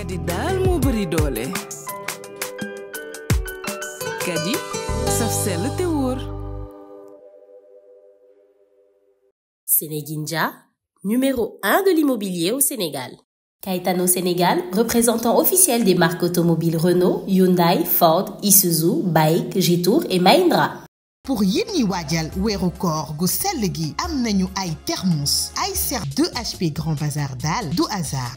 kadi Dal moo bëri kadi saf te Sénéginja, numéro 1 de l'immobilier au Sénégal. Caetano Sénégal, représentant officiel des marques automobiles Renault, Hyundai, Ford, Isuzu, Bike, Jetour et Mahindra. pour Yini Wadjal, Werokor, weeru koor gu sell ay thermos ay 2 HP Grand Bazar Dal du hasard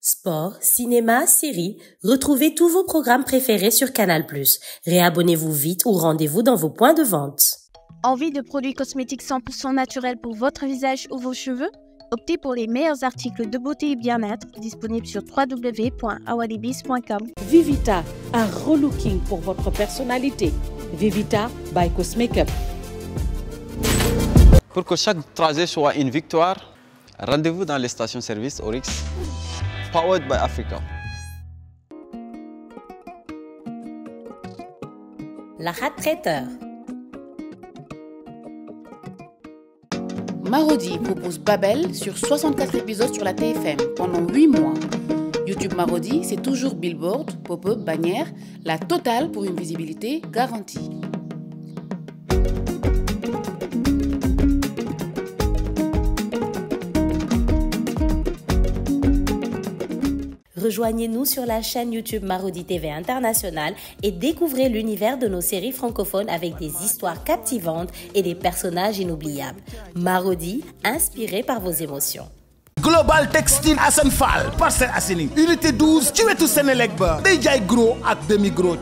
Sport, cinéma, séries, retrouvez tous vos programmes préférés sur Canal+. Réabonnez-vous vite ou rendez-vous dans vos points de vente. Envie de produits cosmétiques 100% naturels pour votre visage ou vos cheveux Optez pour les meilleurs articles de beauté et bien-être disponibles sur www.awalibis.com. Vivita, un relooking pour votre personnalité. Vivita by Cosmakeup. Pour que chaque trajet soit une victoire, rendez-vous dans les stations-service Orix, powered by Africa. La rat traiteur. Marodi propose Babel sur 64 épisodes sur la TFM pendant 8 mois. YouTube Marodi, c'est toujours billboard, pop-up, bannière, la totale pour une visibilité garantie. Rejoignez-nous sur la chaîne YouTube Marodi TV International et découvrez l'univers de nos séries francophones avec des histoires captivantes et des personnages inoubliables. Marodi, inspiré par vos émotions global textile Assane Fall Parcelles unité 12 es tout Sénélec ba Déjà il gros à demi gros.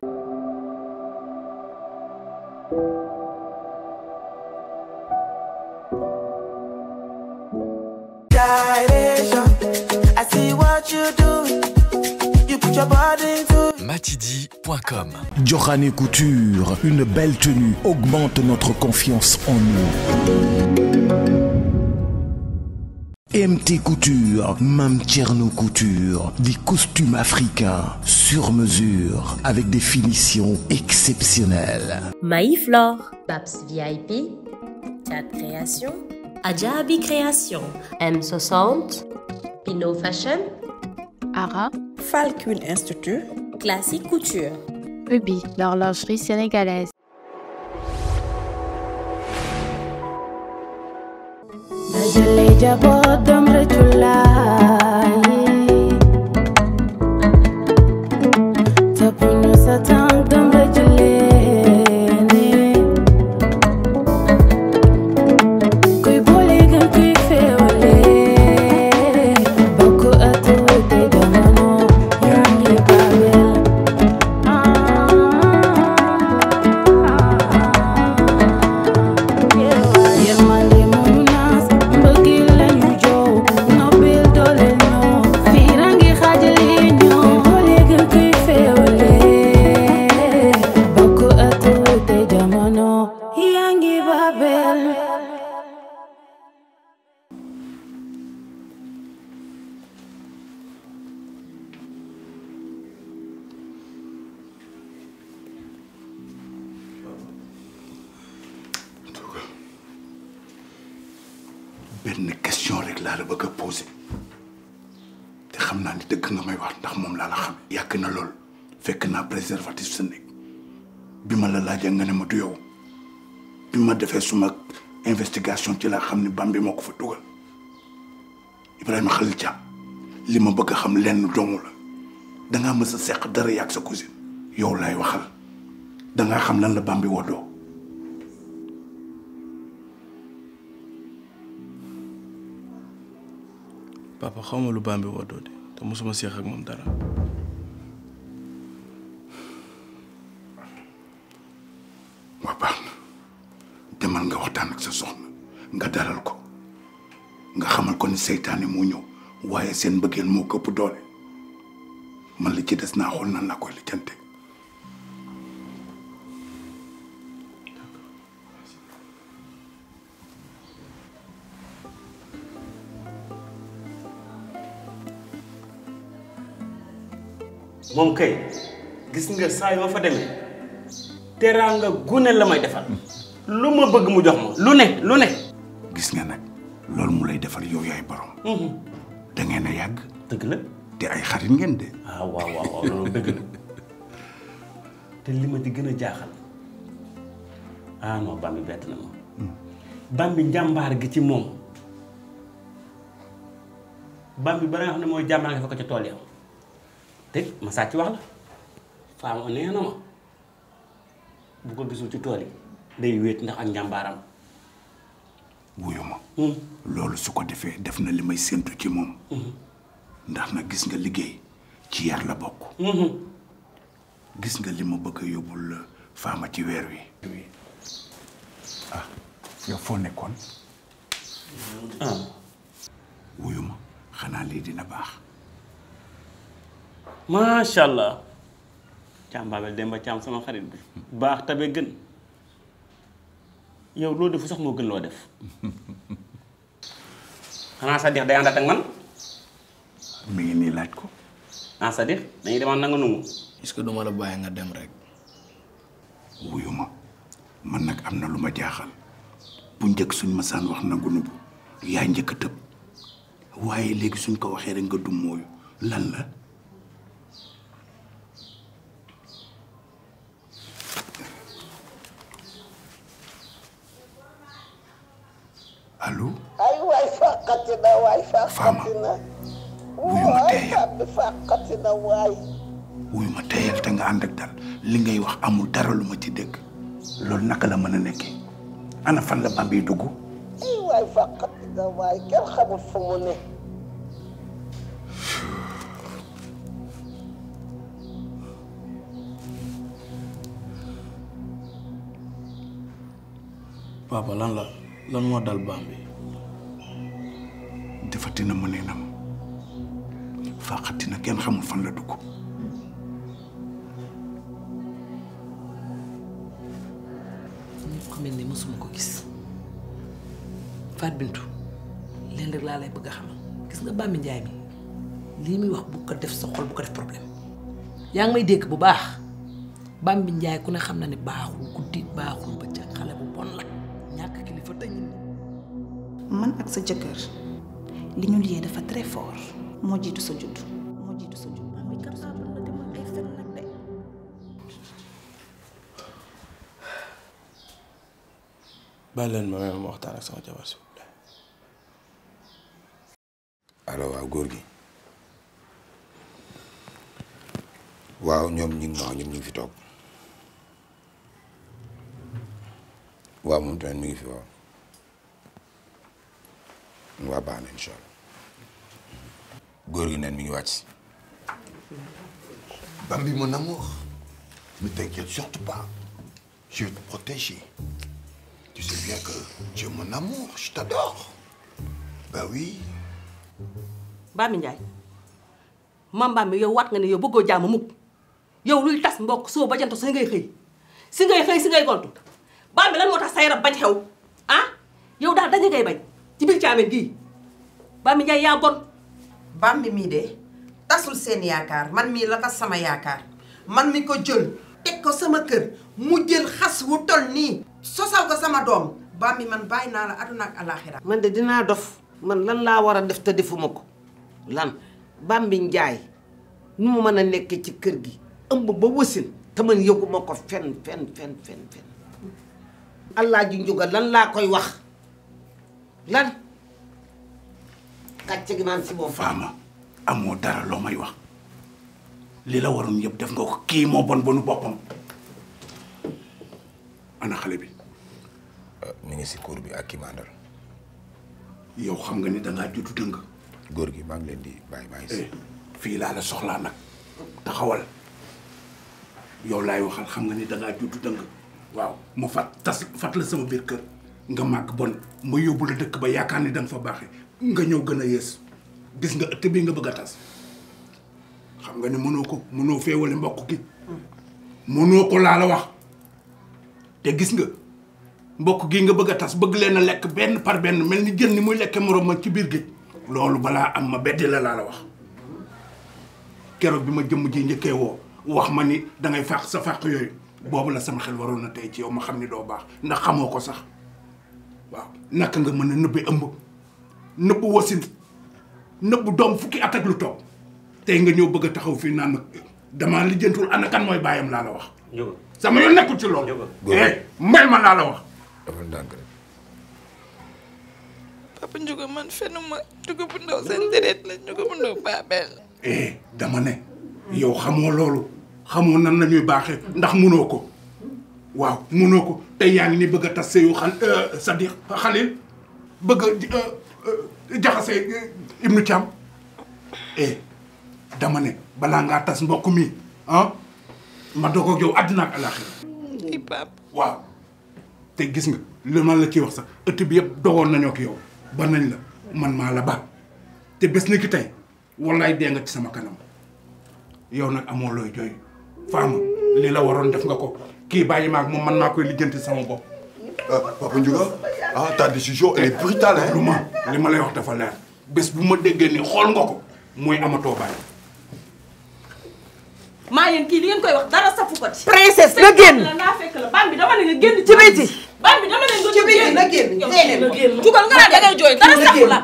Matidi.com Johani Couture, une belle tenue augmente notre confiance en nous. MT Couture, Mam Tierno Couture, des costumes africains sur mesure avec des finitions exceptionnelles. Maïflore, Paps VIP, Chat Création, Adjabi Création, M60, Pino Fashion, Ara, Falcon Institute, Classique Couture, Ubi, l'horlogerie sénégalaise. sile jabootam rëccu laay fekk naa préservatif sa nekk bi ma la laajee nga ne ma du yow bi ma defee suma investigation ci laa xam ne Bambi moo ko fa dugal Ibrahima Khalil Thiam li ma bëgg a xam lenn doomu la dangaa mës a seq dara yàgg sa cousine yow laay waxal dangaa xam lan la Bambi woddoo papa xaw ma lu Bambi woddoo de te mosuma seex ak moom dara nga dalal ko nga xamal ko ni seytaane mo ñew waye seen mbëggeel moo këpp doole man li ci dess na xol nan la koy lijjante mom kay gis nga saa yoo fa demé teraanga gune la defal luma bëgg mu jox ma lu ne lu ne da ngeen a yàgg. dëgg la te ay xarit ngeen de. ah waaw waaw loolu dëgg la te li ma di gën a jaaxal ah non Bambi bett na ma. Hmm. Bambi njàmbaar gi ci moom Bambi ba nga xam ne mooy jàmbaar nga fa ko tool yi am te ma sàcc wax la faama nee na ma bu ko gisul ci tool yi day wéet ndax ak njàmbaaram. wuyu ma hmm. loolu su ko defee def na li may séntu ci moom hmm. ndax nag gis nga liggéey ci yar la bokk hmm. gis nga li ma bëgg a yóbbul faama ci weer wi ah, yow foo nekkoon ah. wuyu ma xanaa lii dina baax macha allah càmbaabel demba càmm sama xarit bi baax tabe gën yow lo def sax mo gën lo def sa dir day andat ak man. mi ngi ni laaj ko. Ah, sa dir dañuy demal na nga nangu. est-ce que duma la baye nga dem rek. wuyuma man nak amna luma lu jaaxal bu njëkk suñu ma saan wax nangu nubu yaa njëkk a tëb waaye suñ ko waxe rek nga dummóoyu lan la. Allô Fama wuyu ma teeyal wuyu ma ya, teeyal te nga and ak dal li ngay wax amul dara luma ci dégg loolu nak la mën nekké. ana fan la bambi duggu? ay waay fàqati na waay kenn xamul fu mu ne papa lan la lan mo dal baam bi defatina ma neenam faaxatina kenn xamul fan la dugg ko mel ni mësuma ko gis fat Bintou len rek la lay bëgg xam gis nga Bambi ndjay mi li mi wax bu ko def sa xol bu ko def problème yang may dégg bu baax Bambi ndjay ku ne xam na ne baaxul guddi baaxul ba man ak sa jëkkeur li ñu liyee dafa très fort mo jitu sa judd mo jitu sa ak sa dem ay judd bàyyi leen ma may ma waxtaan ak sama jabar si allo waaw góor gi waaw ñom ñing ngi wax ñoom ñu fi top waaw mu tan mi fi waaw waa pas Bambi mon amour ne t'inquiète surtout pas je vais te protéger tu sais bien que tu es mon amour je t'adore bah oui. Bambi Ndiaye maam Bambi yow waat nga ne yow bëggoo jàmm yow luy tas mbokk tu ba là..! ngay Bambi lan bañ xew ah ci biir caameen gii Bambi Ndiaye yaa bon. Bambi mii de tasul seen yaakaar man mii la tas sama yaakaar man mi ko jël teg ko sama kër mu jël xas wu tol nii sosal ko sama doom Bambi man bàyyi naa la aduna ak alaxira man de dinaa dof man lan laa war a def te defuma ko lan Bambi Ndiaye nu mu mën a nekkee ci kër gi ëmb ba wësin te man yëguma lan laa koy wax lan kàcce gi faama amoo dara loo may wax li la waroon yépp def nga ko kii moo bon bonu boppam ana xale bi. Ah, mi ngi si cour bi ak kii mandal yow xam nga ni dangaa jotu dëng. góor gi maa ngi leen di bàyyi maa ngi si. Eh, fii laa la soxlaa nag taxawal yow laay waxal xam nga ni dangaa jotu dëng waaw mu fat tas fat la sama biir kër. nga màgg bon ma yóbbu la dëkk ba yaakaar ni danga fa baaxe nga ñëw gën a yées gis nga ëtt bi nga bëgg a tas xam nga ni mënoo ko mënoo féewale mbokk gi mënoo ko laa la wax te gis nga mbokk gii nga bëgg a tas bëgg leen lekk benn par benn mel ni jën ni muy lekke moroom ma ci biir gi loolu balaa am ma beddi la laa la wax keroog bi ma jëmm ji njëkkee woo wax ma ni dangay fàq sa fàq yooyu boobu la sama xel waroon na tey ci yow ma xam ni doo baax ndax xamoo ko sax waaw naka nga mën a nëbbee ëmb nëbb wasin nëbb doom fukki at ak lu toog tey nga ñëw bëgg a taxaw fii naan damaa lijjantul ana kan mooy bàyyam laa la wax. sama yoon nekkul ci loolu. Eh, mbay ma laa la wax. dafa ndànk rek. papa Ndiouga man fenn ma la Ndiouga bu ndaw baabel eh, dama ne. yow xamoo loolu. xamoo nan la ñuy baaxee ndax munoo ko. waaw mënoo ko tey yaa ngi ni bëgg a tas sëyu xal euh, c'est-à-dire xalil bëgg a euh, euh, ibnu Thiam eh dama ne balaa ngaa tas mbokk mi ah ma doog yow àddina ak alaaxira i waaw te gis nga li ma la ciy wax sax ëtt bi yëpp dogoon nañoo ak yow ba nañ la man maa la ba te bés ni ki tey wallaay dee nga ci sama kanam yow nag amoo looy jooy faama li la waroon def nga ko kii bàyyi ma ak moom man maa koy lijjanti sama bopp. Euh, Papa Ndiouga ah ta décision elle est brutale hein. lu ma li ma lay wax dafa leer bu ma déggee ni xool nga ko mooy amatoo bàyyi. maa yéen kii li ngeen koy wax dara safu ko ci. princesse la génn naa fekk la bam bi dama ne nga génn jugal nga naan da jooy dara safu la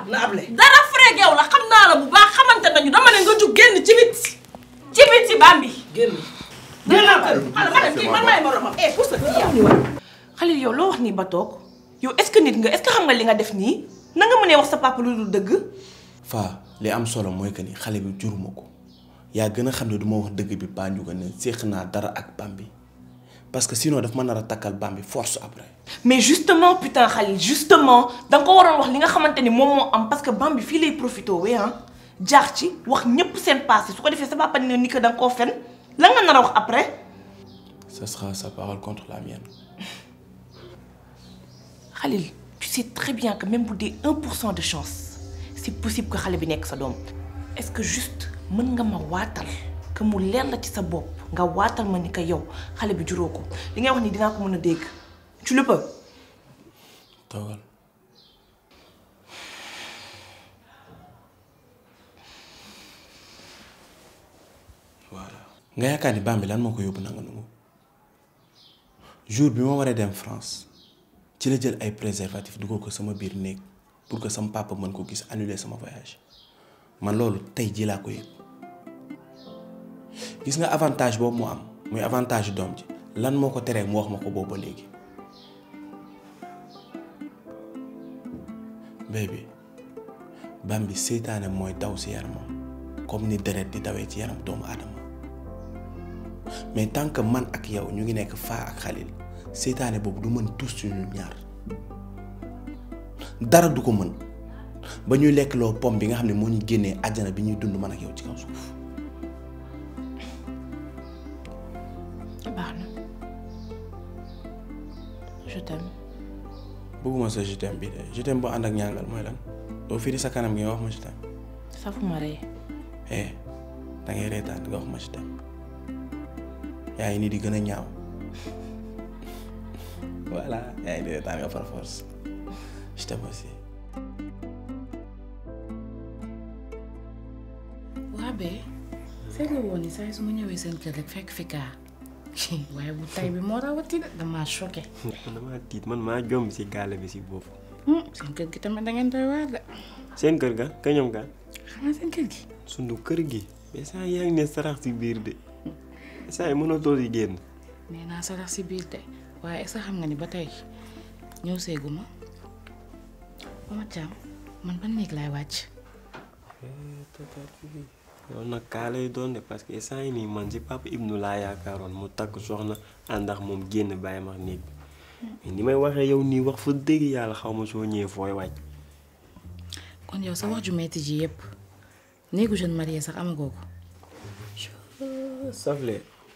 dara frère yow la xam naa la bu baax xamante nañu dama ne nga jug génn ci biti ci biti bi Eh, xalil yow lo wax ni ba toog yow est-ce que nit nga est-ce que xam nga li nga def ni na nga mune wax sa papa lu dul dëgg. fa li am solo moy que ni xale bi jurumako ya gëna gën a xam ne du wax dëgg bi bañu gëna ne dara ak bambi parce que sinon daf ma nar a takkal bam force après. mais justement putain xalil justement da nga ko waroon wax li nga xamanteni ni moom am parce que bambi bi fii lay profité wee hein. ah jaar ci wax ñepp sen passé su ko defé sa papa ni ko da nga koo lan wax après. ce sera sa parole contre la mienne. Khalil tu sais très bien que même pour des 1 de chance c'est possible que xale bi nekk sa doom. est-ce que juste Tu peux ma dire.. que mu leer la ci sa bopp nga waatal ma que yow xale bi juróo ko li que wax ni dinaa ko mën a tu le peux. toogal. nga yaakaar ni bi lan moo ko yóbbu nanga nangu jour bi ma waree dem France ci la jël ay préservatif dugal ko sama biir néeg pour que sama papa mën ko gis annuler sama voyage man loolu tey jii laa ko yëg gis nga avantage boobu mu am muy avantage doom ji lan moo ko teree mu wax ma ko boobu ba léegi baby bi seytaane mooy daw si yaramam comme ni deret di dawee ci yaram doomu aadama mais tant que man ak yow ñu ngi nekk faa ak xalil seytaane boobu du mën tous suñu ñaar dara du ko mën ba ñuy lekk loo pom bi nga xam ne moo ñu génnee àjjana bi ñuy dund man ak yow ci kaw suuf sa je bi bii de je t'aime boo ànd ak ñàngal mooy lan doo firi sa kanam gi nga wax ma je t'aime safuma rey eh da ngay nga wax ma je t'aime Ya ini di gën a ñaaw voilà yaa ngi nii reetaan nga par force je t'aime aussi. waa bee seetlu woon ni saa yi su ma ñëwee seen kër rek fekk fi kaa waaye bu tay bi choqué. man ma jom si galé bi si boobu. sen kër gi tamit da ngeen doy waar da sen kër ga ka ga. xanaa sen kër gi. sunu kër gi. mais sa yaa ne sarax si bir de. saa yi mënatoo di génn. nee naa sa si biir de waaye est-ce xam nga ni ba tey ñëw seegu ma Mama man ban néeg laay wàcc. yow nag kaa lay doon de parce que saa yi nii man si papa Ibnu laa yaakaaroon mu takk soxna àndax moom génn bàyyi ma néeg bi ni may waxee yow nii wax fa dëgg yàlla xaw ma soo ñëwee fooy wàcc. kon yow sa wax ju metti ji néegu jeune marié sax amagoo ko. safle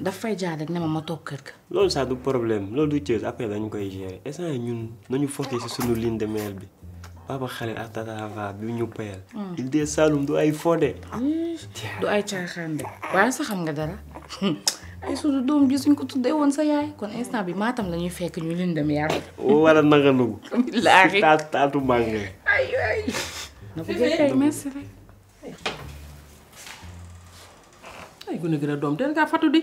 daf fay jaar rek ne ma ma toog kër ga. loolu sax du problème loolu du Thiès après dañu koy gérer instant ñun nañu focus ci sunu ligne de mer bi Papa Khalil ak Tata bi ñu payal. Hmm. il dee Saloum du ay fodé. du ay caaxaan de waaye sa xam nga dara ay sunu doom ji suñ ko tuddee woon sa yaay kon instant bi maatam la ñuy fekk ñu ligne de mer. a naka nagu. bilaahi taatu taatu mànge. ay gune gën a doom den ngaa fatu di.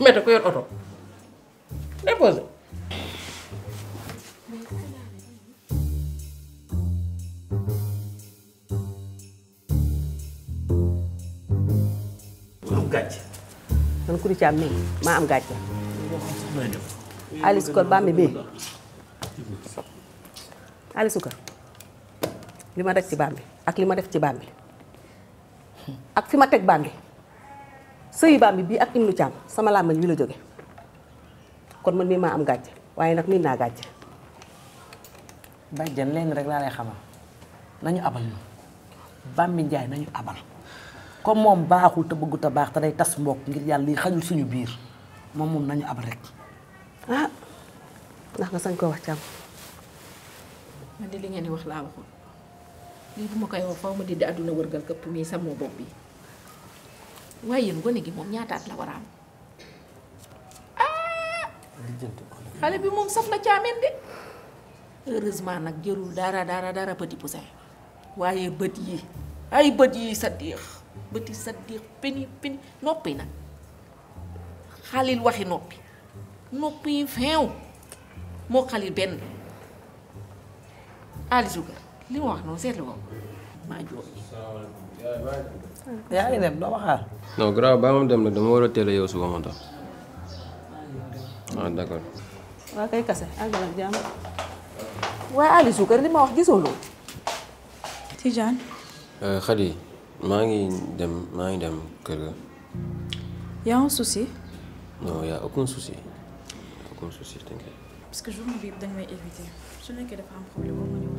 mais da ko yor auto déposé lu gatch man kuri ci am mi ma am gatch ali sukar ba mi bi ali sukar lima def ci bambi ak lima def ci bambi ak fima tek bambi sëyu bam bi ak imnu cham sama làmmañ wi la joge kon man mi ma am gatch waye nak nag na gatch bay jenn len rek la lay xamal nañu abal ñu bam bàmbi jaay nañu abal comme mom baaxul te bëggu ta baax ta day tass mbokk ngir yalla li xajul suñu biir mom mom nañu abal rek ah ndax nga sañ ko wax cham man di li ngeen di wax laa waxoon li bu ma koy wax fa ma di aduna wërgal këpp mii sama bop bi wayin yéen gone gi moom ñaataat la waram ah xale bi mom safna na caameen de heureusement nak jërul dara dara dara petit poussin waye beut yi ay beut yi sadiq bët yi saddiix pini peni noppi nag waxi nopi nopi feew mo khalil ben ali sugar li ma wax noonu seetlu ko maa yaa ngi dem doo xaar. non grave ba ma dem nag dama war a teel yow suba ma tax ah waa kay kase àggal ak jàmm waaye Aliou Soukar li ma wax gisoo loolu. Tidiane. Euh, Khady maa ngi dem maa ngi dem kër ga. y a un souci. non y a aucun souci aucun souci t'inquiète. parce que journée bii may éviter su nekkee dafa am problème boo ma ñëw.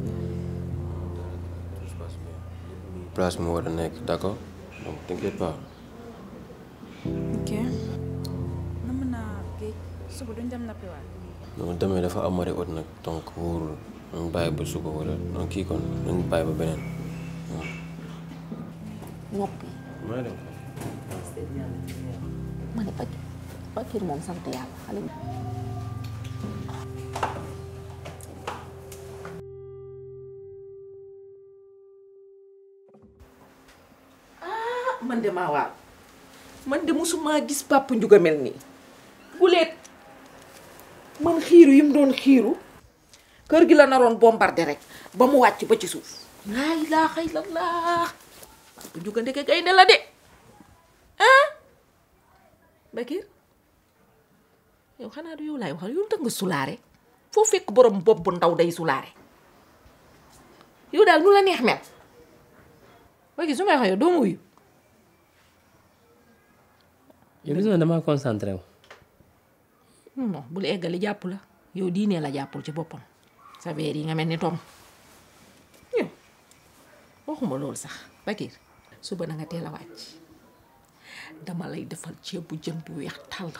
place mu war a nekk d'accord. donc t'inquiète pas. ok. dem nappiwaat. non demee dafa am marée haute nag donc wóorul nañ bàyyi ba suba wala donc kii kon nañ bàyyi ba beneen hmm. noppi. maa ngi dem. ma ne Bakir Bakir moom man de ma wal man de musuma gis pap njuga melni nii guleet man xiru yim don xiru keur gi la naron bombarder rek ba mu ba ci suuf la ilaha illallah njuga ndeke gaynde la de ah Bakir yow xana du yow lay waxal yow tax sulare fo fek borom bob bu ndaw day sulare, yow dal nu la neex mel Bakir su may wax yow doo Hmm, oh, Yo gis nga damaa concentré wu. non non bul eggali japp la Yo diiné la japp ci bopam. sa weer yi nga melni ni tom yow waxuma lol sax Bakir eh, suba na nga téla wacc. dama lay defal ci bu jën bu wéx tal.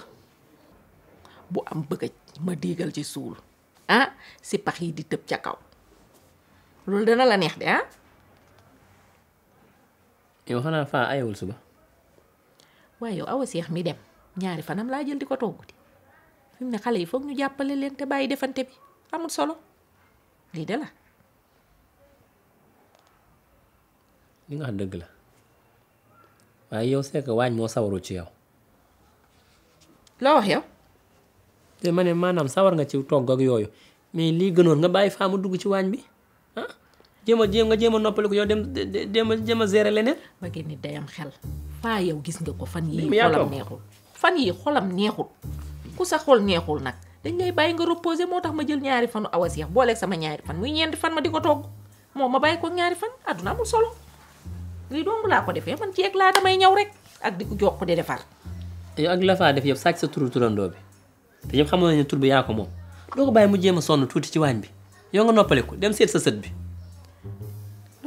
bu am ma ci suul ah si pax yi di tepp ci kaw Lol dana la neex de ha. Yo xana fa ayewul suba waaye yow awa seex mi dem ñaari fanam laa jël di ko togg di fi ne xale yi foog ñu jàppale leen te bàyyi defante bi amul solo lii de la. nga xam dëgg la waaye yow waañ moo sawaru ci yow. loo wax yow. te ma ne maanaam sawar nga ci togg yooyu mais lii gënoon nga bàyyi faa dugg ci waañ bi ah? jéem a jéem nga jéem a noppali ko yow dem dem a jéem a gérer leneen. ba génne day am xel. faa yow gis nga ko fan yii. xolam neexul fan yii xolam neexul. ku sa xol neexul nag dañ lay bàyyi nga reposer moo tax ma jël ñaari fanu awa seex booleeg sama ñaari fan muy ñeenti fan ma di ko togg moom ma bàyyi ko ñaari fan àdduna amul solo lii dong laa ko defee man ci egg laa damay ñëw rek ak di ko jox ko defar. yow ak la faa def yëpp sàcc sa turu turandoo bi te ñëpp xamoon nañu ne yaa ko moom doo ko bàyyi mu jéem a sonn tuuti ci waañ bi yow nga noppaliku dem seet sa sët bi.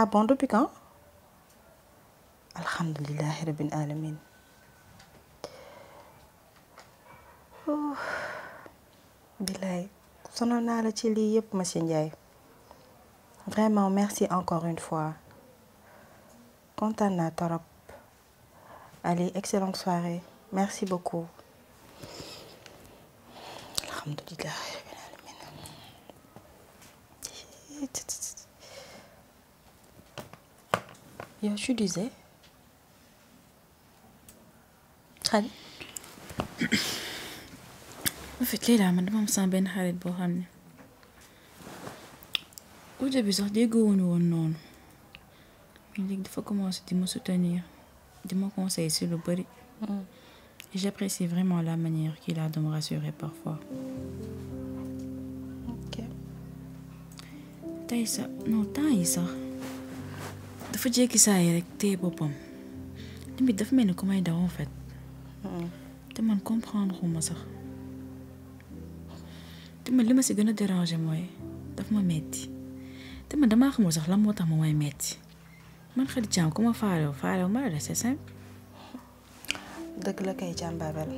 Ah bon, depuis quand Alhamdulillah, Rabbil Alamin. Bilay, sonal la chili yep, pour monsieur Vraiment, merci encore une fois. Contana torop. Allez, excellente soirée. Merci beaucoup. Alhamdulillah. Yo, tu disais xarit. en fait Leila man dama am sama benn xarit boo je ne au début sax déggoowuñu woon noonu fois, léegi dafa commencer di ma soutenir di ma conseiller sur le bëri. Mm. j'apprécie vraiment la manière qu'il a de me rassurer parfois. ok. tais non tais dafa jékki saa yi rek téye boppam limit dafa mel ni ku may daw en fait te man comprendre xuma sax te man li ma si gën a déranger mooy daf ma metti te man damaa xamul sax lan moo tax ma may metti man xarit Thiam ku ma faalew faalew ma la c'est simple dëgg la kay Thiam Babel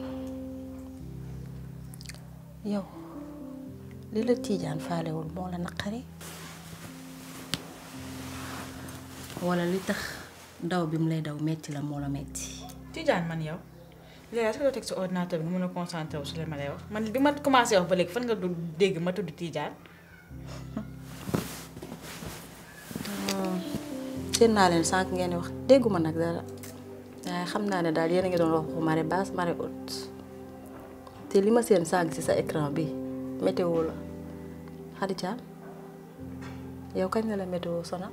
yow li la Tiijaan faalewul moo la naqari wala li tax daw bi mu lay daw metti la moo la metti Tidiane man yow léegi est-ce que doo teg sa ordinateur bi nga mën a concentré wu si li ma lay wax man bi ma commencé wax ba léegi fan nga du dégg ma tudd Tidiane. Hmm. seen naa leen sànq ngeen di wax dégguma nag dara waaye xam naa ne daal yéen a ngi doon wax waxu baas basse marée te li ma seen sànq ci sa écran bi météo la Khadija yow kañ la la météo sonal.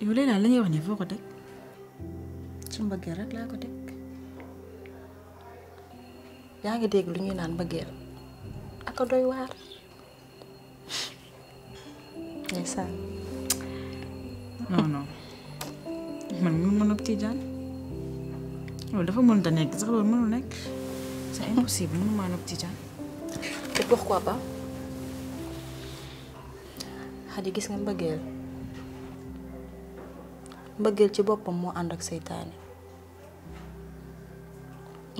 yow léegi daal la ñuy wax ni foo ko teg ci mbëggeel rek laa ko teg yaa ngi dégg lu ñuy naan mbëggeel ak a doy waar ndeysaan non non man mi mën ak Tijaan loolu dafa mënut a nekk sax loolu mënul nekk c'est impossible mënu maa ak Tijaan te pourquoi pas Xadi gis nga mbëggeel mbëggeel ci boppam moo ànd ak seytaane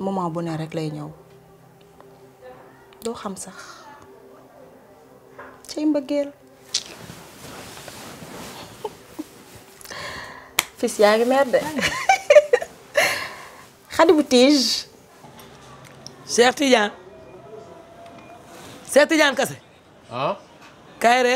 moment bu ne rekk lay ñëw doo xam sax cay mbëggeel fis yaa ngi mer de xadi bu tiij Cheikh Tidiane Cheikh Tidiane Kassé ah. kayre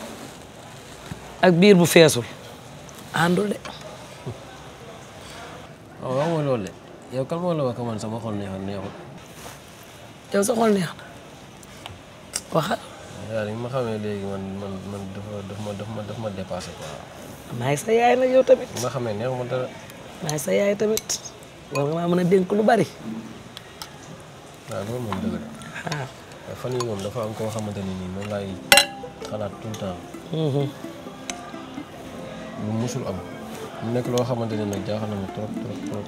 ak biir bu feesul àndul de. waaw waaw mooy loolu de yow kan moo la wax man sama xol neexul neexul. yow sa xol neex na waxal. waaw li yow tamit. li ma xamee neexu ma a dénk lu bari. Ah. fan yii dafa am koo xamante ne nii moom laay xalaat tout temps. Mm-hmm. musul am mu nekk loo xamante ne nag na trop trop trop.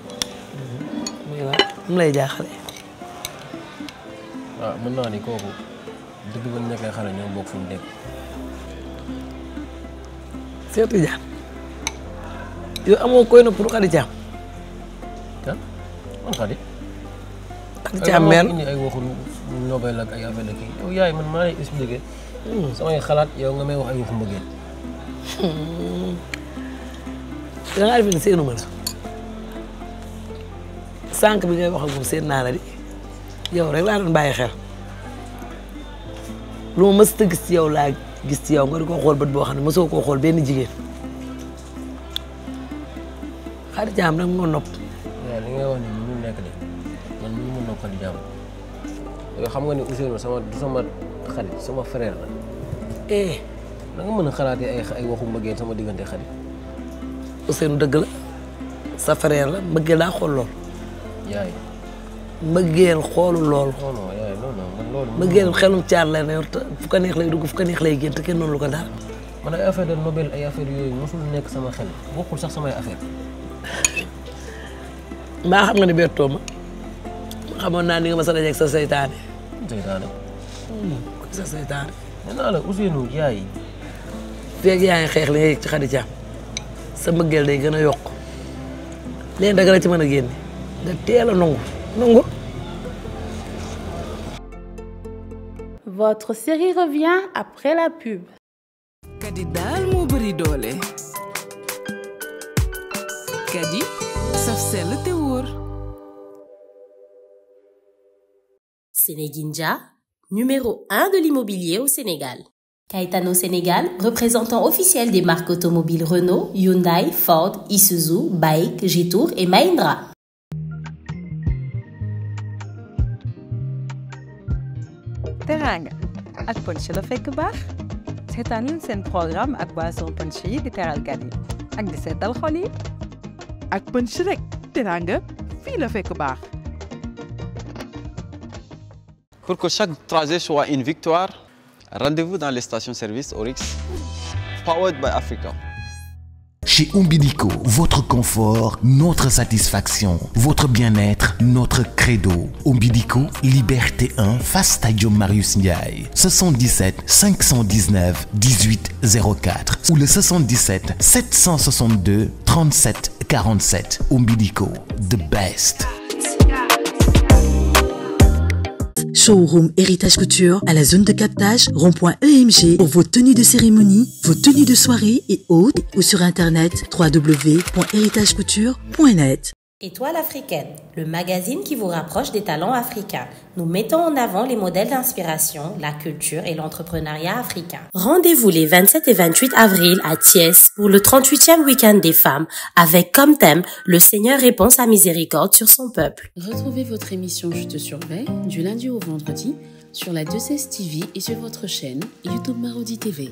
muy la mu lay jaxale ah mën na ni koku dëgg ba nekkee xala ñoo bok fu ñu nekk. Seydou Dia yow amoo koy na pour Khady jam kan on Khady. Khady Thiam mel ay ay waxul nobel ak ay avel ak yow yaay man ma lay expliqué. Hmm. sama xalat yow nga may wax ay waxu mbëggeel. da ngaa def ni seenu ma la sànq bi ngay wax ak moom seen naa la di yow rek laa doon bàyyi xel lu ma mësta gis ci yow laa gis ci yow nga di ko xool bët boo xam ne mësoo koo xool benn jigéen xaar jaam nag moo nopp. waaw li ngay wax ni mënul nekk de man mënu ma nopp xaar jaam yow xam nga ne Ousseynou sama du sama xarit sama frère la. eh. na nga mën a xalaatee ay ay waxu mbëggeel sama diggante xarit. Ousseynou dëgg la sa frère la mbëggeel daa xool xoolu lool. non non yaay loolu. mbëggeel xelum caar lay yor neex lay dugg fu neex lay génn kenn noonu lu ko daal. man ay affaire de Nobel ay affaire yooyu mosul nekk sama xel bokkul sax samay affaire maa xam nga ni bettoo ma xamoon naa ni nga ma sa dajeeg sa seytaane. Hmm, sa seytaane. nee naa la Ousseynou yaay. feeg yaa ngi xeex li nga yëg ci Khady Thiam. sa mbëggeel day gëna yok yokk léegi da nga ci mën génne da teel a nangu Votre série revient après la pub. Kadi dal mo bëri doole. Kadi saf sell te wóor. Sénéginja, numéro 1 de l'immobilier au Sénégal. Caetano Sénégal, représentant officiel des marques automobiles Renault, Hyundai, Ford, Isuzu, Bike, Jetour et Mahindra. teraanga ak de la fekk C'est seetaan leen seen programme ak boisson Punch yi di teral gan ak di setal xol ak Punch rek fi la fek bax. Pour que chaque trajet soit une victoire. Rendez-vous dans les stations-service Orix, powered by Africa. Chez Umbilico, votre confort, notre satisfaction, votre bien-être, notre credo. Umbilico, Liberté 1, face Stadium Marius Ndiaye. 77 519 1804 ou le 77 762 37 47. Umbilico, the best. Showroom Héritage Couture à la zone de captage rond.emg pour vos tenues de cérémonie, vos tenues de soirée et autres ou sur internet www.heritagecouture.net Étoile africaine, le magazine qui vous rapproche des talents africains. Nous mettons en avant les modèles d'inspiration, la culture et l'entrepreneuriat africain. Rendez-vous les 27 et 28 avril à Thiès pour le 38e week-end des femmes avec comme thème Le Seigneur répond sa miséricorde sur son peuple. Retrouvez votre émission Je te surveille du lundi au vendredi sur la 2 TV et sur votre chaîne YouTube Marodi TV.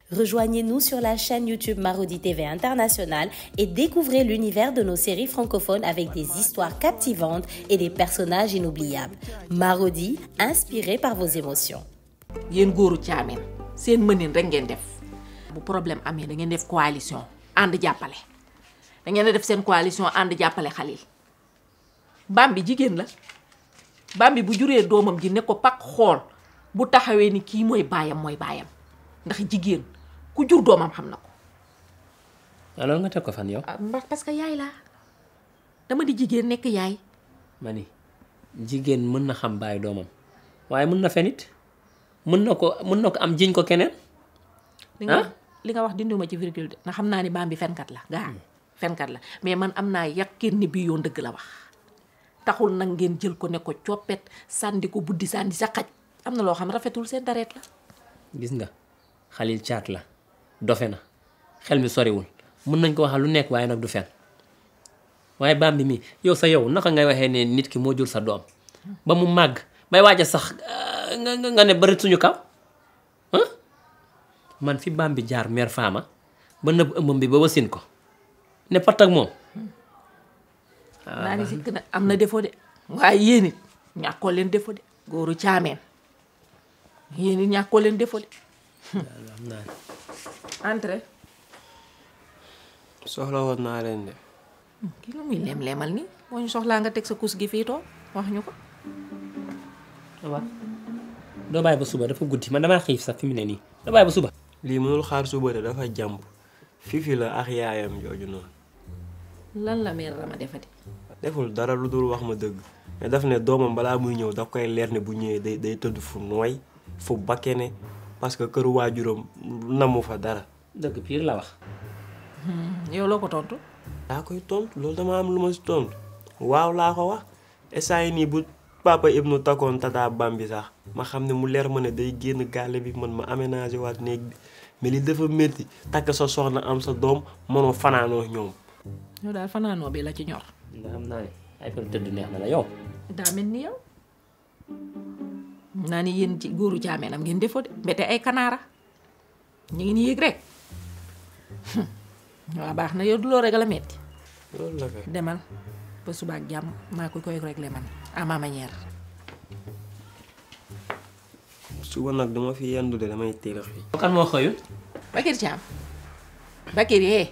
Rejoignez-nous sur la chaîne YouTube Marodi TV International et découvrez l'univers de nos séries francophones avec des histoires captivantes et des personnages inoubliables. Marodi, inspiré par vos émotions. yéen góoru caameen seen mënin rek ngeen def bu problème amee da ngeen def coalition ànd jàppale da ngeen def seen coalition ànd jàppale Khalil. Bambi jigéen la Bambi bu juree doomam ji ne pak xool bu taxawee ni kii mooy baayam mooy baayam ndax jigéen ku jur doomam xam na ko. Ah, loolu nga teg ko fan yow. Ah, parce que yaay laa dama di jigéen nekk yaay. ma ni jigéen mën na xam bàyyi doomam waaye mën na fenit mën na ko mën na ko am jiñ ko keneen. li nga ah? li nga wax dindiwuma ci virgule de na xam naa ni baam bi fenkat la am hmm. fenkat la mais man am naa yàqin ni bii yoon dëgg la wax taxul nag ngeen jël ko nekk ko coppet sànni ko buddi sànni sa xaj am na loo xam rafetul seen dareet la. gis nga xalil caat la. dofe na xel mi soriwul mën nañ ko waxal lu nekk waaye nag du fen waaye baam bi mii yow sa yow naka ngay waxee ne nit ki moo jur sa doom ba mu màgg bay waaj a sax euh, nga nga ne bëri suñu kaw man fi baam bi jaar mère faama ba nëbb ëmbam bi ba wasin ko ne pat ak moom naa sikk nag am na défaut de waaye yéen it ñàkkoo leen défaut de góoru caameen yéen it ñàkkoo leen défaut de entrez. soxla woon naa leen de. kii la muy lem-lemal nii boo ñu soxlaa nga teg sa kus gi fii wax ñu ko. waaw doo bàyyi ba suba dafa guddi man damaa xiif sax fi mu ne nii doo bàyyi ba suba. lii mënul xaar suba de dafa jàmb fifi la ak yaayam jooju noonu. lan la mère Rama defati. deful dara lu dul wax ma dëgg. mais daf ne doomam balaa muy ñëw daf koy leer ne bu ñëwee day day tëdd fu nooy fu bakkene parce que kër waajuram namu fa dara. dëgg piir la wax. Hmm, yow loo ko tontu. daa koy tontu loolu dama am lu ma si tontu waaw laa ko wax instant nii bu papa ibnu takkoon tata bambi sax ma xam ne mu leer ma ne day génn gàlle bi man ma aménagé waat néeg bi dafa métti takk sa soxna am sa doom mënoo fanaanoo ñoom. ñoo daal fanaanoo bi la ci ñor. daa mel ni yow. Nani yin ci góoru jaameen am ngeen defo de mbete ay kanara ñi ngi ni rek wa bax na yow du loo rek la metti demal ba suba ak jam ma ko koy le man a ah, ma manière suba nak dama fi yandu de damay téla fi kan mo xoyu bakir jam bakir yee eh.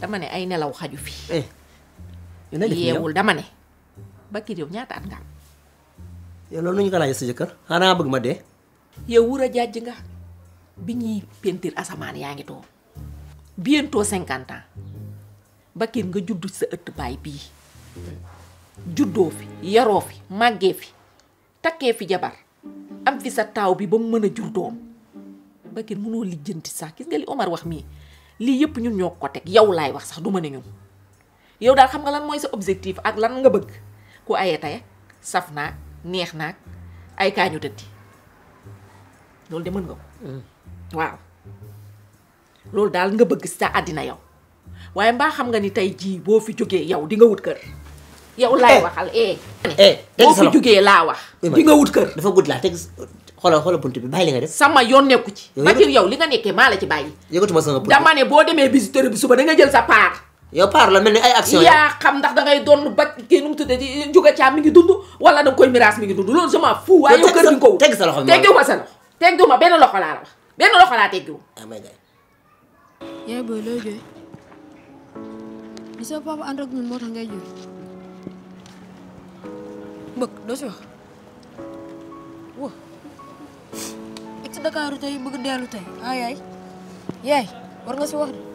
dama ne ay nelaw xaju fi eh. yeewul dama ne bakir yow ñaata at nga yow ya, lolou ñu ko kan? laaj sa jëkkër xana bëgg ma dé yow ya, wura jàjj nga biñi peinture asaman yaangi to bientôt 50 ans bakir nga judd sa ëtt bay bi juddo fi yaro fi magge fi takke fi jabar am fi sa taw bi ba mu mën jur doom bakir mëno lijeenti sa gis nga li Omar wax mi li yëpp ñun ñoo ko teg yow lay wax sax duma ne ñun yow daal xam nga lan moy sa objectif ak lan nga bëgg ku ayé tay Safna neex naag ay kaañu tëddi loolu de mën nga ko mm. waaw loolu daal nga bëgg sa àddina yow waaye mbaa xam nga ni tey jii boo fi jógee yow di nga wut kër yow laay eh. waxal eh, eh boo fi jógee laa wax di nga wut kër dafa gudd laa teg xoolal xoolal bunt bi bàyyi li nga def sama yoon nekku ci ma yow li nga nekkee maa la ci bàyyi yëgatuma sama dama ne boo demee visiteuri bi suba da nga jël sa part yo par la ni ay eh, action iya, ya xam ndax da ngay don ba kii nu mu tuddee ci jóge caam mi ngi dund wala da nga koy miraas mi ngi dund loolu sama fou waaye yo keur bi ko tegg sa loxo tegg ma sa loxo teggiw ma ben loxo laa la wax benn loxo laa teggiw amay ah, gay yaay booy looy jooy li sa papa and ak ñun moo tax ngay jooy bëgg do ci wax wo ek ci dakaru tay bëgg delu tay ay ay yaay war nga ci wax de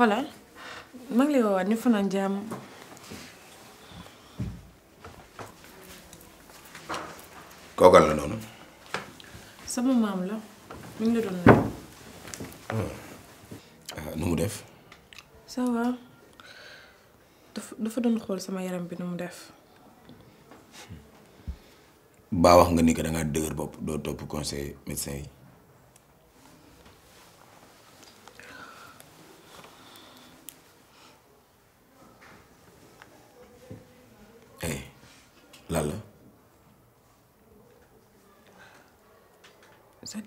xoolal maa ngi lay woowaat ñu fanaan jàmm kookan la noonu sama maam la mi ngi la doon na hmm. ah, nu mu def ça va dafa doon xool sama yaram bi nu mu def hmm. baa wax nga ni ko da ngaa dëgër bopp doo topp conseil médecin yi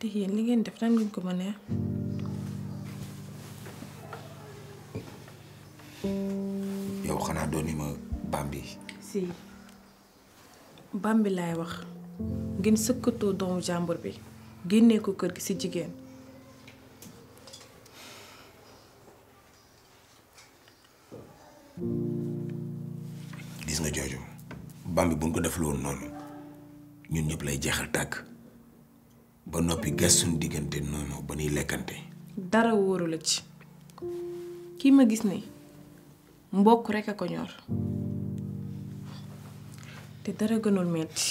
te li ngeen def nan ngeen ko mënee. yow xanaa dooni ma bambi. si bambi laay wax ngeen sëkkatoo doomu jàmbur bi génnee ko kër gi si jigéen. gis nga jooju bambi buñ ko defaloon noonu ñun ñëpp lay jeexal tàkk. ba noppi gas suñu diggante noonu ba nuy lekkante. dara wóoru ci kii ma gis ni mbokk rekk a ko ñor te dara gënul metti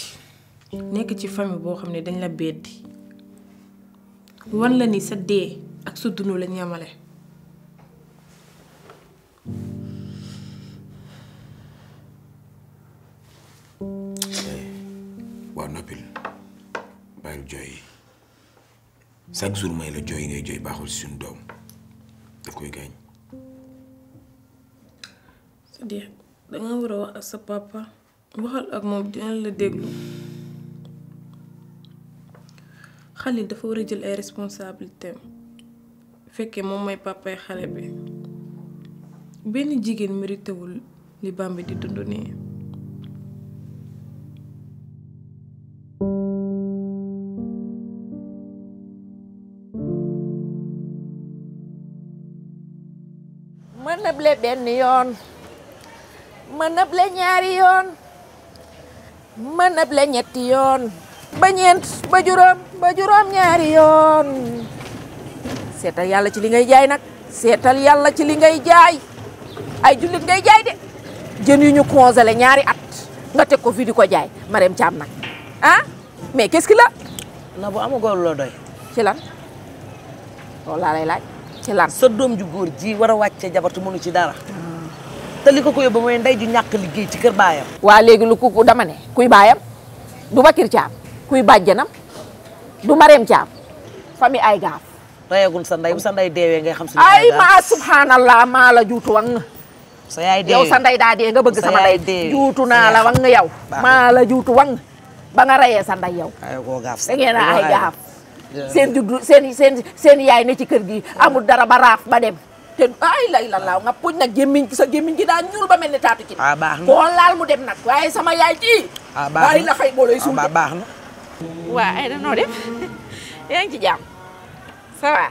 nekk ci famille boo xam ne dañ la beddi wan la ni sa dee eh, waa noppil bàyyil jooy yi chaque jour may la jooy ngay jooy baaxul si suñu doom daf koy gaañ. sa papa waxal ak moom la déglu xale dafa war a jël ay responsabilités fekkee moom mooy papay xale bi benn jigéen méritéwul li Bambi di dund nii. nëble benn yoon ma le ñaari yoon ma nëble ñetti yoon ba ñeent ba juróom ba ñaari yoon seetal yàlla ci li ngay jaay nag seetal yàlla ci li ngay jaay ay jullit ngay jaay de jën yu ñu congelé ñaari at nga teg ko fii di ko jaay Marème Thiam nag ah mais qu'est-ce que la na loo doy ci lan loolu laa laaj ci lan sa doom ju góor ji war a wàccee jabartu mënu ci dara. te li ko ko yóbbu mooy ndey ju ñàkk liggéey ci kër baayam. waa léegi lu ku damane kuy baayam du Bakir Thiam kuy bàjjanam du Marème Thiam fami ay gaaf. sa ndey bu sa ndey deewee ngay xam. suñu ay maa subhanallah maa la juutu wang. sa yaay deewee sa ndey daa dee nga bëgg sama ndey juutu naa la wang yow. maa la juutu wang ba nga rayee sa ndey yow. aywa koo ay gaaf. seen juddu seen seen seen yaay na ci kër gi amul dara ba raaf ba dem te ay lay la laaw nga poñ nag gémmiñ sa gémmiñ gi daan ñuul ba mel ne taatu ci ah baax na laal mu dem nag waaye sama yaay ci ah baax na la fay boolay ah, suul baax na waa ci jàmm ça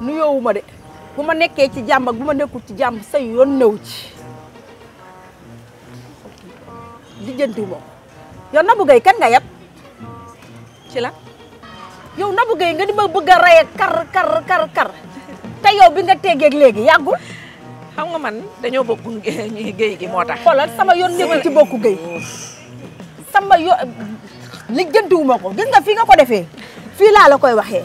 de bu ma nekkee ci jàmm ak ma nekkul ci jàmm sa yoon new ci lijjanti moom yow na bu gay nga yab ci la yow na bu nga di ma bëgg a eh, kar kar kar kar te yow bi nga ak légui yàggul. xam nga man dañoo bokku ñuy gëy gi motax tax. sama yoon ñëw ci bokku gëy sama yo lijjantiwuma mako gis nga fi nga ko défé fi la la koy waxé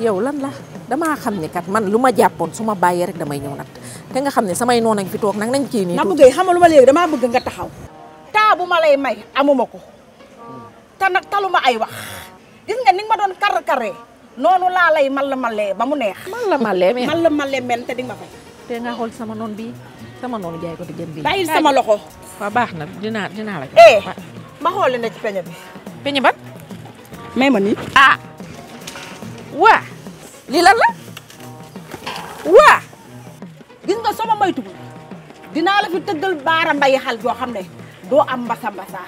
yow lan la dama xamni kat man luma ma suma baye rek damay ñëw nak té nga xamni ne samay noon ak fi tok nak nañ ci ni na bu géy xamaluma légui dama bëgg nga taxaw. ta bu ma lay may amumako ta nak taluma ay wax gis nga ni nga don kar kare nonu la lay mal la malee ba mu neex. mal la malé mal la mel te di nga ma fay. té nga xol sama non bi sama non jay ko di bi. bayil sama loxo. fa bax na dina dina la. eh ma xooli na ci peñe bi. peñe ban. may ma ni ah. wa li lan la. wa gis nga sama maytu dina la fi teugal baara mbay xal joo xamné do am mbassa mbassa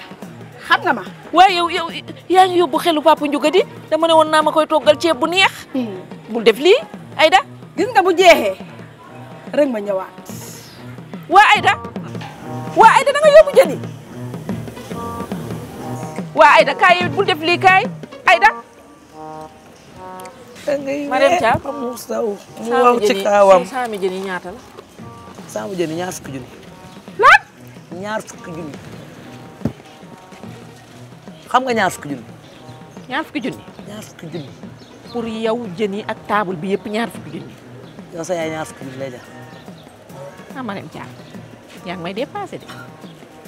xam nga ma waaye yow yow yaa ngi yóbbu xelu papa Ndiouga di dama ne woon naa ma koy toggal ceeb bu neex bul def lii Aïda gis nga bu jeexee rek ma ñëwaat waa Aïda waa Aïda da nga yóbbu jëli waa Aïda kaay bul def lii kaay Aïda eh, Marème Thiam amul saw mu waw ci ñaata la ñaar lan ñaar xam nga ñaar fukk junni. ñaar fukk junni. ñaar fukk junni. pour yow jën ak table bi yëpp ñaar fukk junni. yow sa yaay ñaar fukk junni lay jar. ah ma dem jaar yaa ngi may dépassé de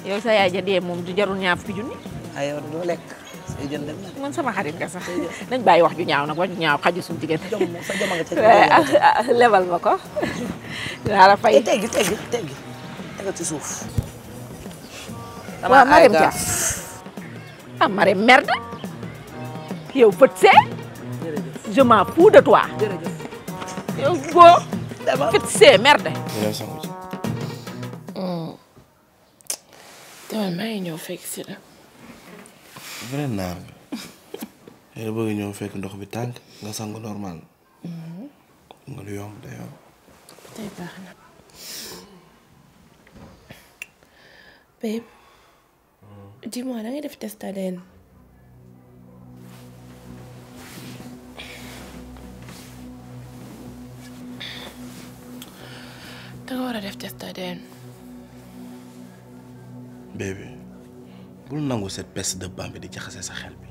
yow sa yaay ja dee moom du jarul ñaar fukk junni. ay ah, yow do lekk say jën dem na. man sama xarit nga sax nañ bàyyi wax ju ñaaw nag wax ju ñaaw xaju suñu jigéen. jom sa jom nga ci eh, ah, ah, lebal ma ko. dinaa fay eh, teggi teggi teggi tegal ci suuf. waaw ma dem caa ah Marème merde yow bët see. je m'en fous de toi. yow boo. bët see merde. Hmm. fekk si la. ndox bi tànk nga sangu normal. Hmm. nga lu yomb da yomb. dis-moi def test ADN. war a def test ADN. bébé bul nangu cette peste de bambi di jaxase sa xel bi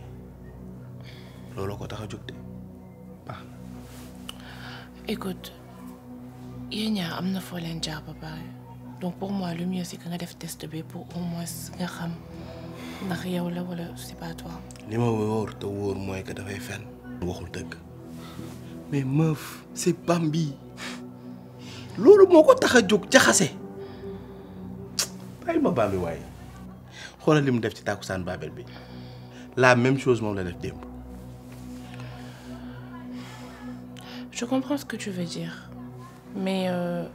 loolu ko tax a jóg de écoute yéen ñaa am na foo leen jàpp ba donc pour moi le mieux c'est que nga def test bi pour au moins nga xam ndax yow la wala c'est pas toi. li ma wóor te wóor mooy que dafay fen waxul dëgg mais meuf c'est Bambi loolu moo ko tax a jóg jaxase bàyyi ma Bambi waaye xoolal li mu def ci tàkkusaan Babel bi la même chose moom la def démb. Je comprends ce que tu veux dire, mais euh,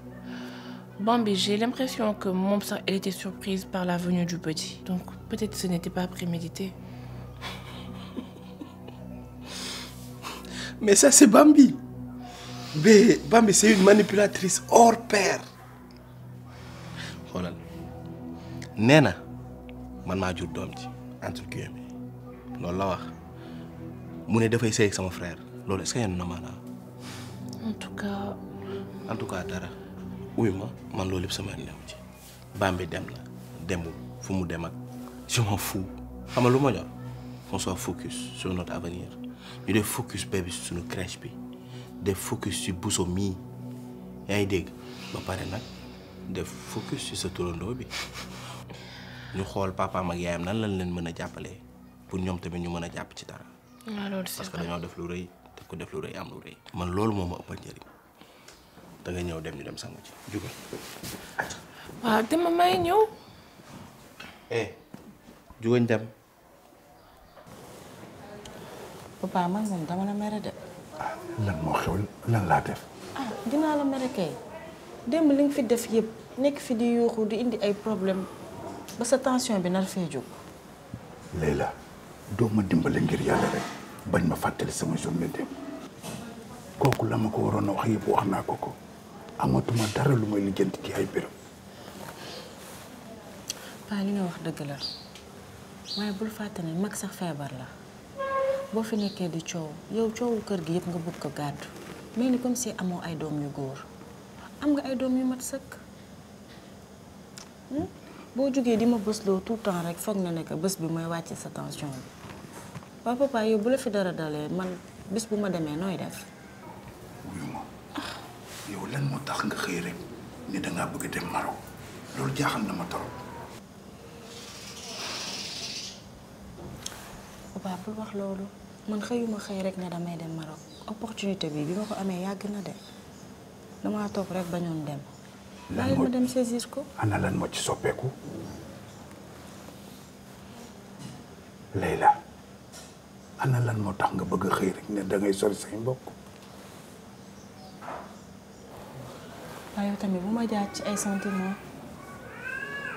Bambi, j'ai l'impression que mon elle était surprise par la venue du petit. Donc peut-être ce n'était pas prémédité. Mais ça, c'est Bambi. Mais Bambi, c'est une manipulatrice hors pair. Voilà. Nena, man ma jur doom ji entre je loolu la wax mu da fay sama frère loolu est-ce que yenn na maanaam. en tout cas. en tout cas dara. Oui ma man loolu lépp sama new ci Bambe dem na demul fu mu dem ak je m'en fous xam nga jox on soit focus sur notre avenir ñu def focus bébé sur suñu crèche bi def focus si Bousso mii yaa ngi ba paré nak def focus sur ce turandoo bi ñu xool papaam ak yayam nan lañ leen mëna a pour ñom tamit ñu mëna japp ci dara. Ah, parce que dañoo def lu reuy, te ku def lu reuy am lu reuy. man loolu moma ma ëppal njëriñ. da nga ñëw dem ñu dem sangu ci jugal. waaw dama may ñëw. eh jugañ dem. papa man moom dama la mere de. ah lan moo xew lan laa def. ah dinaa la mere kay démb li nga fi def yëpp nekk fi di yuuxu di indi ay problème ba sa tension bi na fee jóg. Leila doo ma dimbale ngir yàlla rek bañ ma fàttali sama journée kooku la ma ko waroon a wax yëpp wax naa ko ko. amatuma dara lu may lijjanti ci ay mbiram. paa li nga wax dëgg la waaye bul fàtte mag sax feebar la boo fi nekkee di coow yow coowu kër gi yëpp nga bëgg ko gàddu mel ni comme si amoo ay doom yu góor am nga ay doom yu mat sëkk. Hmm? boo jógee di ma bës loo tout le temps rek foog na ne que bés bi mooy wàcce sa tension bi waaw papa yow bu la fi dara dalee man bés bu ma demee nooy def. yow lan moo tax nga xëy rek ni da ngaa bëgg dem Maroc loolu jaaxal na ma torop papa bul wax loolu man xëyuma xëy rek ne damay dem Maroc opportunité bi bi ko amee yàgg na de damaa toog rek bañoon dem bàyyi ma dem saisir ko ana lan moo ci soppeeku Leila ana lan moo tax nga bëgg xëy rek ne da ngay sori say mbokk waaye yow tamit bu ma jaar ci ay sentiment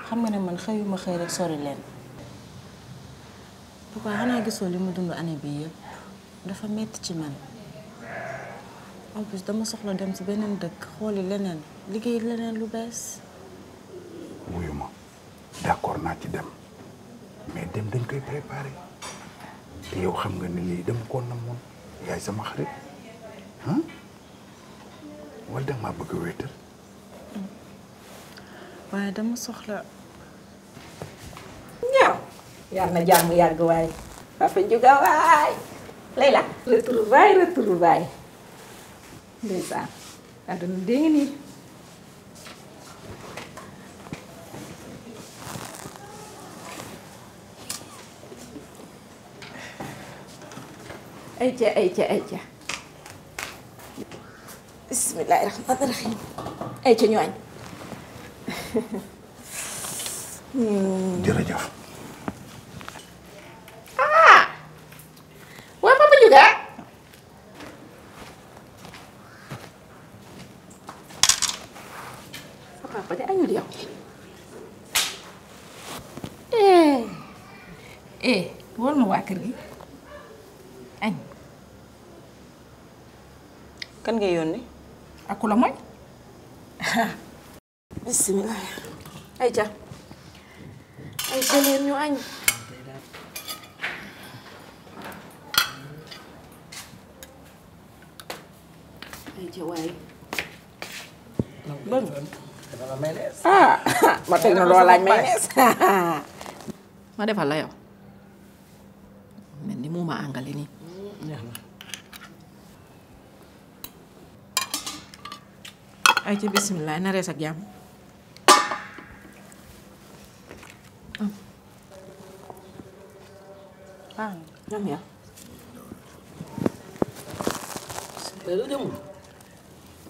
xam nga ne man xëyuma xëy rek sori leen bu ko xanaa gisoo li mu dund année bi yëpp dafa metti ci man en plus dama soxla dem ci beneen dëkk xooli leneen liggéey leneen lu bees wuyu ma d'accord naa ci dem mais dem dañ koy préparé te yow xam nga ne lii dama ko namoon yaay sama xarit ah wala danga maa bëgg a wéetal Maar dat moet toch leuk. Ja. Ja, maar ja, maar ja, goai. Waar vind je Leila, retrouvai, retrouvai. Dus aan. Dat doen dingen niet. Eetje, eetje, eetje. Bismillahirrahmanirrahim. ay ca ñu añ. jërëjëf. Ah! waa Papa Ndiouga. sa papa de añul yow. eh. eh wóor ma waa kër gi añ. kan ngay Bismillah. Ây chà. Anh chưa lên nữa anh. Ây chà ấy. Vâng. Ah, mateng no lola menes. Made pala yo. Mendi mu maangalini. Aje bismillah na sạch gyam. Mm. ya. Baru dong.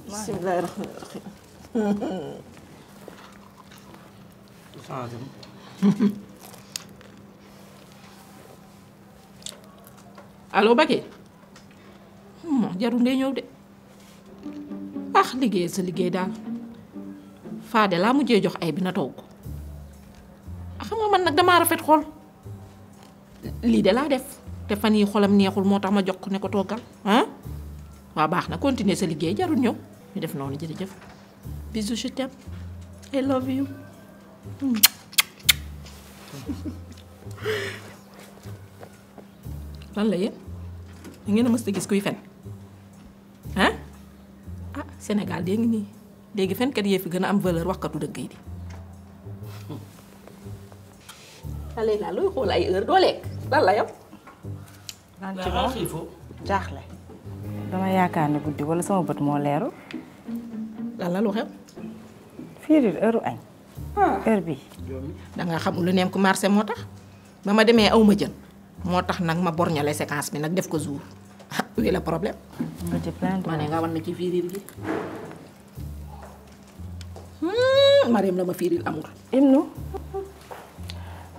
Bismillahirrahmanirrahim. allo Bakke. Hmm, jarul ngay ñëw de. ah liggéey sa liggéey daal. Fade la mujjee jox ay eh, bi na togg. xam man nag damaa rafet xol lii de laa def te fan yii xolam neexul moo tax ma jox ne ko toggal ah waaw baax na continuer sa liggéey jarul ñëw ñu def noonu jërëjëf bisous je t'aime I love you lan la yéen da ngeen a mës a gis kuy fen ah ah Sénégal ngi nii léegi fenkat yee fi gën a am valeur waxkatu dëgg yi di Lalu lalu looy xool ay lalu doo lekk lan la yow. lan ci dama yaakaar ne guddi wala sama bët moo leeru. lan la lu xew. fiirir heure añ. heure bii. da nga xam lu neem ku marché moo tax ba ma demee aw hmm, ma ma borñale séquence bi def ko jour la problème. plaindre nga wan Mariam la ma amul.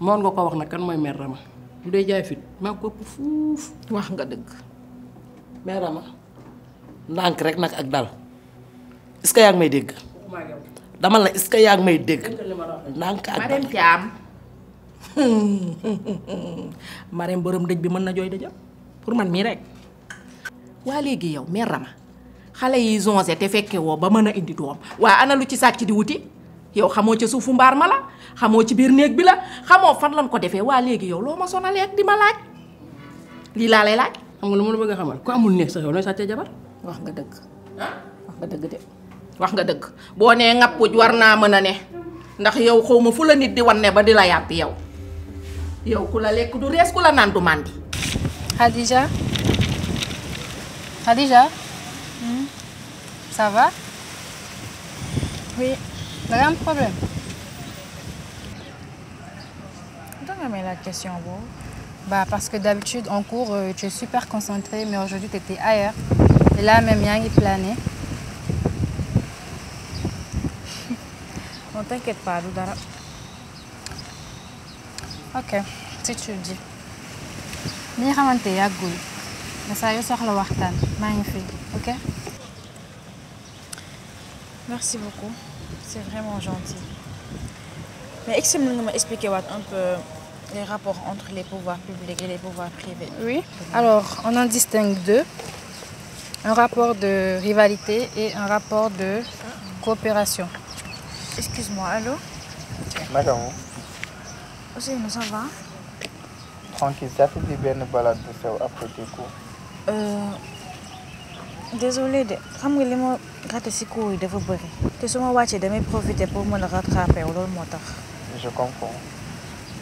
moon nga ko wax nag kan mooy mère fit maa ko ëpp fuuf wax nga dëgg mère Rama ndànk rek nag ak dal est-ce que yaa ngi may dégg dama la est-ce que yaa ngi may dégg ndànk ak dal Marème borom dëj bi mën na jooy dëjam pour man mii rek waa léegi yow yi zonzé ba a indi doom wa ana lu ci di wuti yow xamoo ci suufu mbaar ma la xamoo ci biir néeg bi la xamoo fan lan ko defee waa léegi yow loo ma sonalee ak di ma laaj lii laa lay laaj xam nga lu ma la bëgg a xamal ku amul néeg sax yow nooy sàccee jabar wax nga dëgg wax nga dëgg de wax nga dëgg boo nee ngappuj war naa mën a ne ndax yow xaw ma fu la nit di ba di la yàpp yow yow ku la lekk du rees ku la naan du Hadija, Khadija Khadija hmm? ça va oui Rien de problème. Donne-moi la question, bon. Bah parce que d'habitude en cours euh, tu es super concentré, mais aujourd'hui tu étais ailleurs. Et là même Yang est plané. On t'inquiète pas, Doudara. Ok, si tu le dis. ñi xamante Mais ça y est soxla waxtaan maa ngi fi ok. merci beaucoup. C'est vraiment gentil. Mais est-ce que vous un peu les rapports entre les pouvoirs publics et les pouvoirs privés Oui, alors on en distingue deux. Un rapport de rivalité et un rapport de coopération. Excuse-moi, allô Madame. nous ça va Tranquille, ça fait des bien de balade après tes cours. Euh, désolé de xam nga li ma raté si cours yi dafa bëri Tu su ma wàccee profiter pour me a rattraper long loolu moo je comprends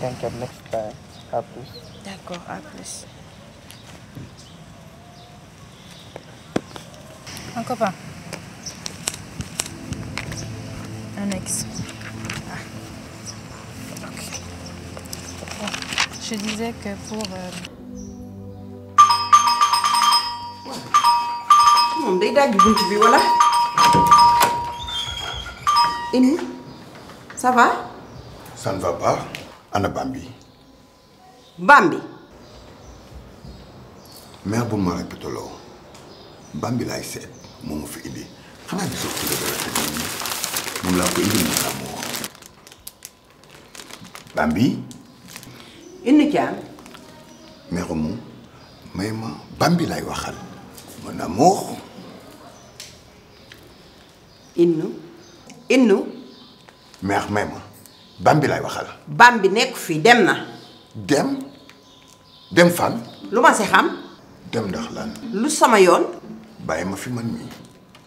t'inquiète next time à plus. d'accord à plus. un copain. un ex. Ah. je disais que pour. Euh, moom day dagg bunt bi wala Emi ça va. ça ne va pas. ana Bambi. Bambi. mère bu ma répété Bambi lay sét moom ma fi indi xanaa gisoo ci la dara te moom laa ko indi mu laa moo Bambi. indi caan. mère mu may Bambi lay waxal mon amour. innu innu meex may ma Bambi lay waxal Bambi nekk fii dem na dem dem fan lu ma si xam dem ndax lan lu sama yoon bàyyi ma fi man mii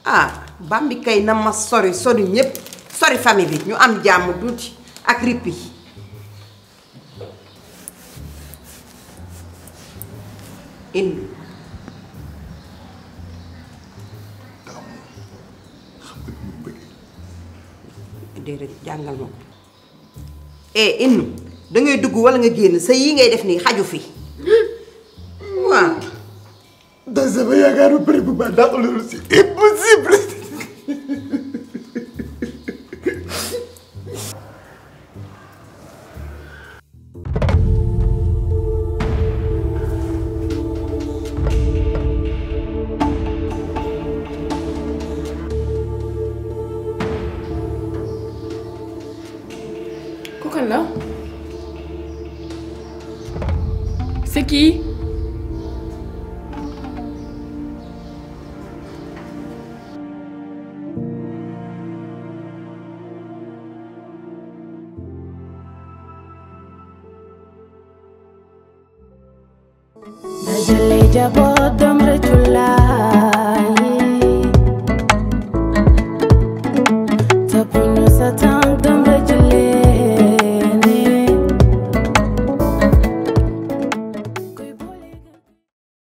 ah Bambi kay na ma sori sori ñépp sori famille bi ñu am jàmm tuuti ak rippi innu dedet jangal ma e eh da ngay dugg wala nga genn sa yi ngay def ni xaju fi waaw. dans sama yaakaaru bëri bu baax dàq loolu ci impossible.